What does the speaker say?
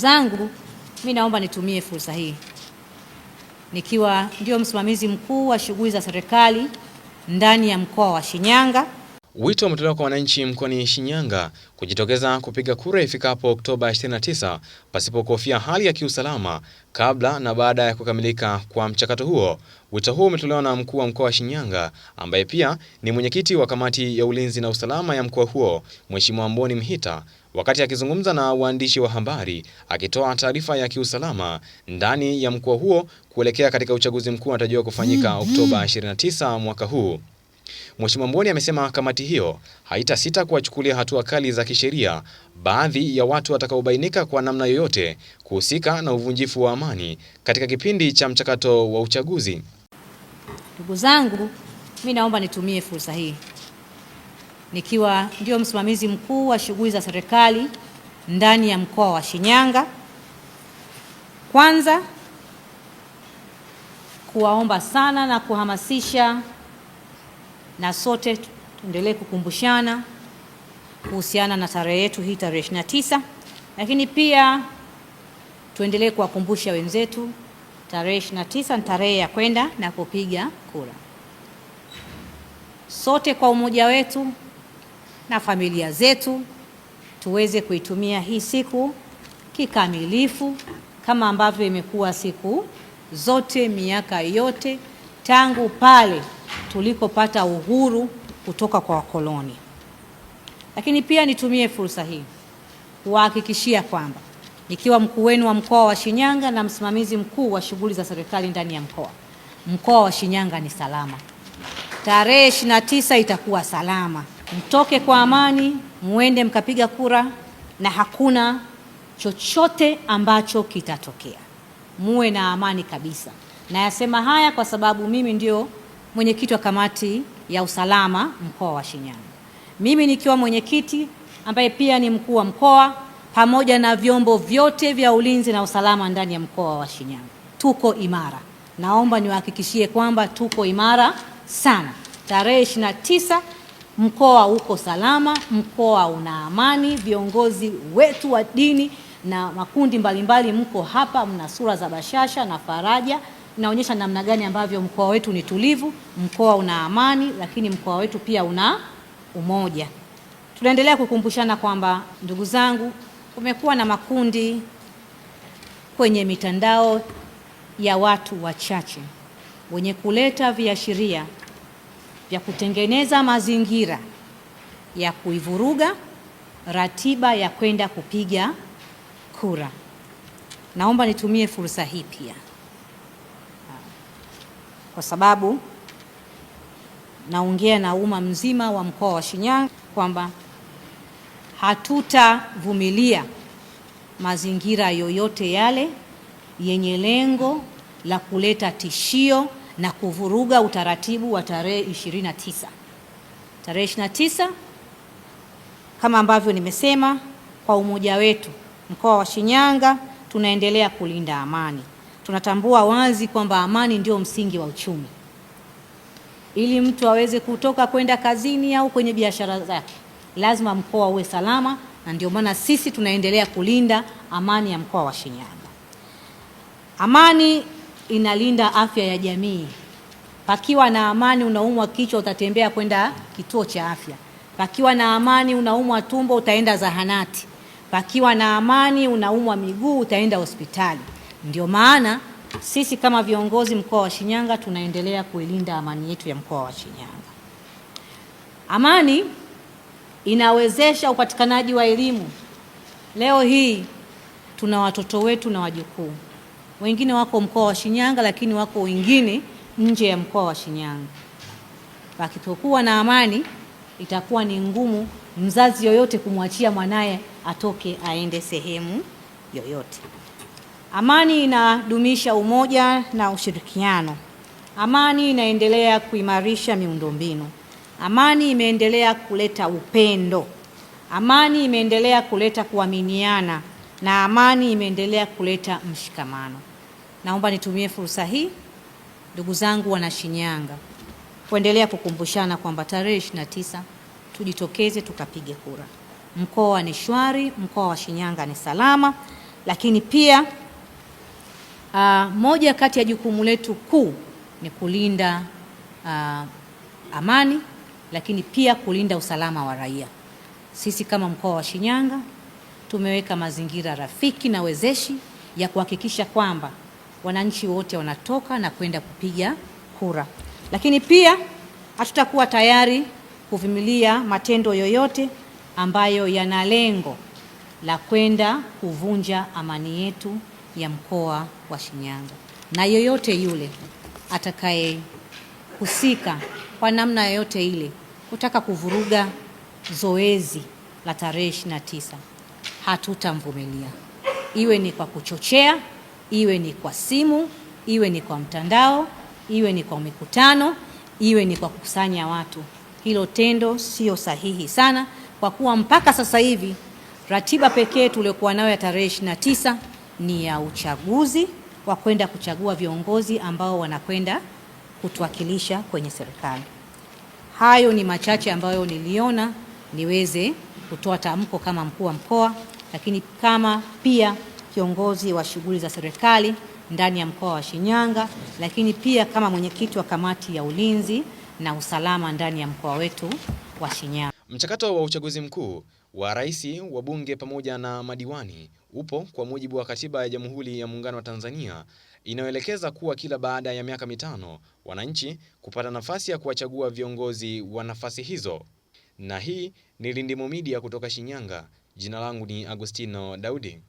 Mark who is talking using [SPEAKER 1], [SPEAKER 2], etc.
[SPEAKER 1] zangu, mimi naomba nitumie fursa hii nikiwa ndio msimamizi mkuu wa shughuli za serikali ndani ya mkoa wa Shinyanga.
[SPEAKER 2] Wito umetolewa kwa wananchi mkoani Shinyanga kujitokeza kupiga kura ifikapo Oktoba 29 pasipo kuhofia hali ya kiusalama kabla na baada ya kukamilika kwa mchakato huo. Wito huo umetolewa na mkuu wa mkoa wa Shinyanga ambaye pia ni mwenyekiti wa kamati ya ulinzi na usalama ya mkoa huo, Mheshimiwa mboni Mhita Wakati akizungumza na waandishi wa habari akitoa taarifa ya kiusalama ndani ya mkoa huo kuelekea katika uchaguzi mkuu unatarajiwa kufanyika mm-hmm. Oktoba 29 mwaka huu. Mheshimiwa Mboni amesema kamati hiyo haitasita kuwachukulia hatua kali za kisheria baadhi ya watu watakaobainika kwa namna yoyote kuhusika na uvunjifu wa amani katika kipindi cha mchakato wa uchaguzi.
[SPEAKER 1] Ndugu zangu, mimi naomba nitumie fursa hii nikiwa ndio msimamizi mkuu wa shughuli za serikali ndani ya mkoa wa Shinyanga. Kwanza kuwaomba sana na kuhamasisha na sote tuendelee kukumbushana kuhusiana na tarehe yetu hii tarehe 29, lakini pia tuendelee kuwakumbusha wenzetu tarehe 29 ni tarehe ya kwenda na kupiga kura. Sote kwa umoja wetu na familia zetu, tuweze kuitumia hii siku kikamilifu kama ambavyo imekuwa siku zote miaka yote tangu pale tulikopata uhuru kutoka kwa wakoloni. Lakini pia nitumie fursa hii kuwahakikishia kwamba nikiwa mkuu wenu wa mkoa wa Shinyanga na msimamizi mkuu wa shughuli za serikali ndani ya mkoa, mkoa wa Shinyanga ni salama. Tarehe 29 itakuwa salama mtoke kwa amani, muende mkapiga kura na hakuna chochote ambacho kitatokea. Muwe na amani kabisa. Nayasema haya kwa sababu mimi ndio mwenyekiti wa kamati ya usalama mkoa wa Shinyanga, mimi nikiwa mwenyekiti ambaye pia ni mkuu wa mkoa pamoja na vyombo vyote vya ulinzi na usalama ndani ya mkoa wa Shinyanga. Tuko imara, naomba niwahakikishie kwamba tuko imara sana. Tarehe 29 mkoa uko salama, mkoa una amani, viongozi wetu wa dini na makundi mbalimbali mko hapa, mna sura za bashasha na faraja, inaonyesha namna gani ambavyo mkoa wetu ni tulivu, mkoa una amani, lakini mkoa wetu pia una umoja. Tunaendelea kukumbushana kwamba, ndugu zangu, kumekuwa na makundi kwenye mitandao ya watu wachache wenye kuleta viashiria vya kutengeneza mazingira ya kuivuruga ratiba ya kwenda kupiga kura. Naomba nitumie fursa hii pia kwa sababu naongea na umma mzima wa mkoa wa Shinyanga kwamba hatutavumilia mazingira yoyote yale yenye lengo la kuleta tishio na kuvuruga utaratibu wa tarehe 29. Tarehe 29 kama ambavyo nimesema, kwa umoja wetu mkoa wa Shinyanga tunaendelea kulinda amani. Tunatambua wazi kwamba amani ndio msingi wa uchumi. Ili mtu aweze kutoka kwenda kazini au kwenye biashara zake, lazima mkoa uwe salama, na ndio maana sisi tunaendelea kulinda amani ya mkoa wa Shinyanga. Amani inalinda afya ya jamii. Pakiwa na amani, unaumwa kichwa, utatembea kwenda kituo cha afya. Pakiwa na amani, unaumwa tumbo, utaenda zahanati. Pakiwa na amani, unaumwa miguu, utaenda hospitali. Ndio maana sisi kama viongozi mkoa wa Shinyanga tunaendelea kuilinda amani yetu ya mkoa wa Shinyanga. Amani inawezesha upatikanaji wa elimu. Leo hii tuna watoto wetu na wajukuu wengine wako mkoa wa Shinyanga, lakini wako wengine nje ya mkoa wa Shinyanga. Pakitokuwa na amani, itakuwa ni ngumu mzazi yoyote kumwachia mwanaye atoke aende sehemu yoyote. Amani inadumisha umoja na ushirikiano. Amani inaendelea kuimarisha miundombinu. Amani imeendelea kuleta upendo. Amani imeendelea kuleta kuaminiana na amani imeendelea kuleta mshikamano. Naomba nitumie fursa hii, ndugu zangu wana Shinyanga, kuendelea kukumbushana kwamba tarehe 29 tujitokeze tukapige kura. Mkoa ni shwari, mkoa wa Shinyanga ni salama, lakini pia aa, ah, moja kati ya jukumu letu kuu ni kulinda aa, ah, amani, lakini pia kulinda usalama wa raia. Sisi kama mkoa wa Shinyanga tumeweka mazingira rafiki na wezeshi ya kuhakikisha kwamba wananchi wote wanatoka na kwenda kupiga kura. Lakini pia hatutakuwa tayari kuvumilia matendo yoyote ambayo yana lengo la kwenda kuvunja amani yetu ya mkoa wa Shinyanga, na yoyote yule atakayehusika kwa namna yoyote ile kutaka kuvuruga zoezi la tarehe 29 hatutamvumilia, iwe ni kwa kuchochea iwe ni kwa simu, iwe ni kwa mtandao, iwe ni kwa mikutano, iwe ni kwa kukusanya watu. Hilo tendo sio sahihi sana, kwa kuwa mpaka sasa hivi ratiba pekee tuliokuwa nayo ya tarehe 29 ni ya uchaguzi wa kwenda kuchagua viongozi ambao wanakwenda kutuwakilisha kwenye serikali. Hayo ni machache ambayo niliona niweze kutoa tamko kama mkuu wa mkoa, lakini kama pia kiongozi wa shughuli za serikali ndani ya mkoa wa Shinyanga, lakini pia kama mwenyekiti wa kamati ya ulinzi na usalama ndani ya mkoa wetu wa Shinyanga.
[SPEAKER 2] Mchakato wa uchaguzi mkuu wa rais, wa bunge pamoja na madiwani upo kwa mujibu wa katiba ya Jamhuri ya Muungano wa Tanzania inayoelekeza kuwa kila baada ya miaka mitano wananchi kupata nafasi ya kuwachagua viongozi wa nafasi hizo. Na hii ni Lindimo Media kutoka Shinyanga. Jina langu ni Agustino Daudi.